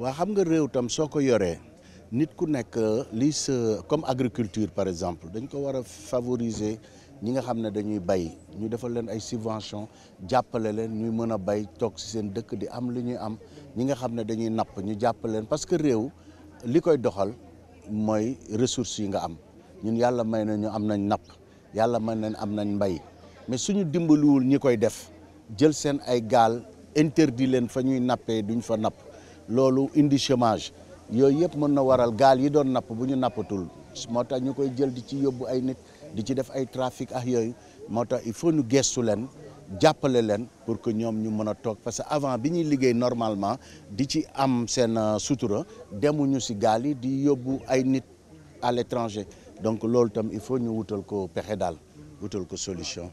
waa xam nga réew tam soo ko yoree nit ku nekk li sa comme agriculture par exemple dañ ko war a favoriser ñi nga xam ne dañuy bay ñu defal leen ay subvention jàppale leen ñuy mën a bay toog ci seen dëkk di am lu ñuy am ñi nga xam ne dañuy napp ñu jàppale leen parce que réew li koy doxal mooy ressources yi nga am ñun yàlla may na ñu am nañ nap yàlla may nañ am nañ mbay mais suñu dimbaliwul ñi koy def jël seen ay gaal interdit leen fa ñuy nappee duñ fa napp loolu indi chômage yooyu yëpp mën na waral gaal yi doon napp bu ñu nappatul moo tax ñu koy jël di ci yóbbu ay nit di ci def ay trafic ak yooyu moo tax il faut ñu gestu leen jàppale leen pour que ñoom ñu mën a toog parce que avant bi ñuy liggéey normalement di ci am seen euh, sutura demuñu si gaal yi di yóbbu ay nit à l'étranger donc loolu tam il faut ñu wutal ko pexe daal wutal ko solution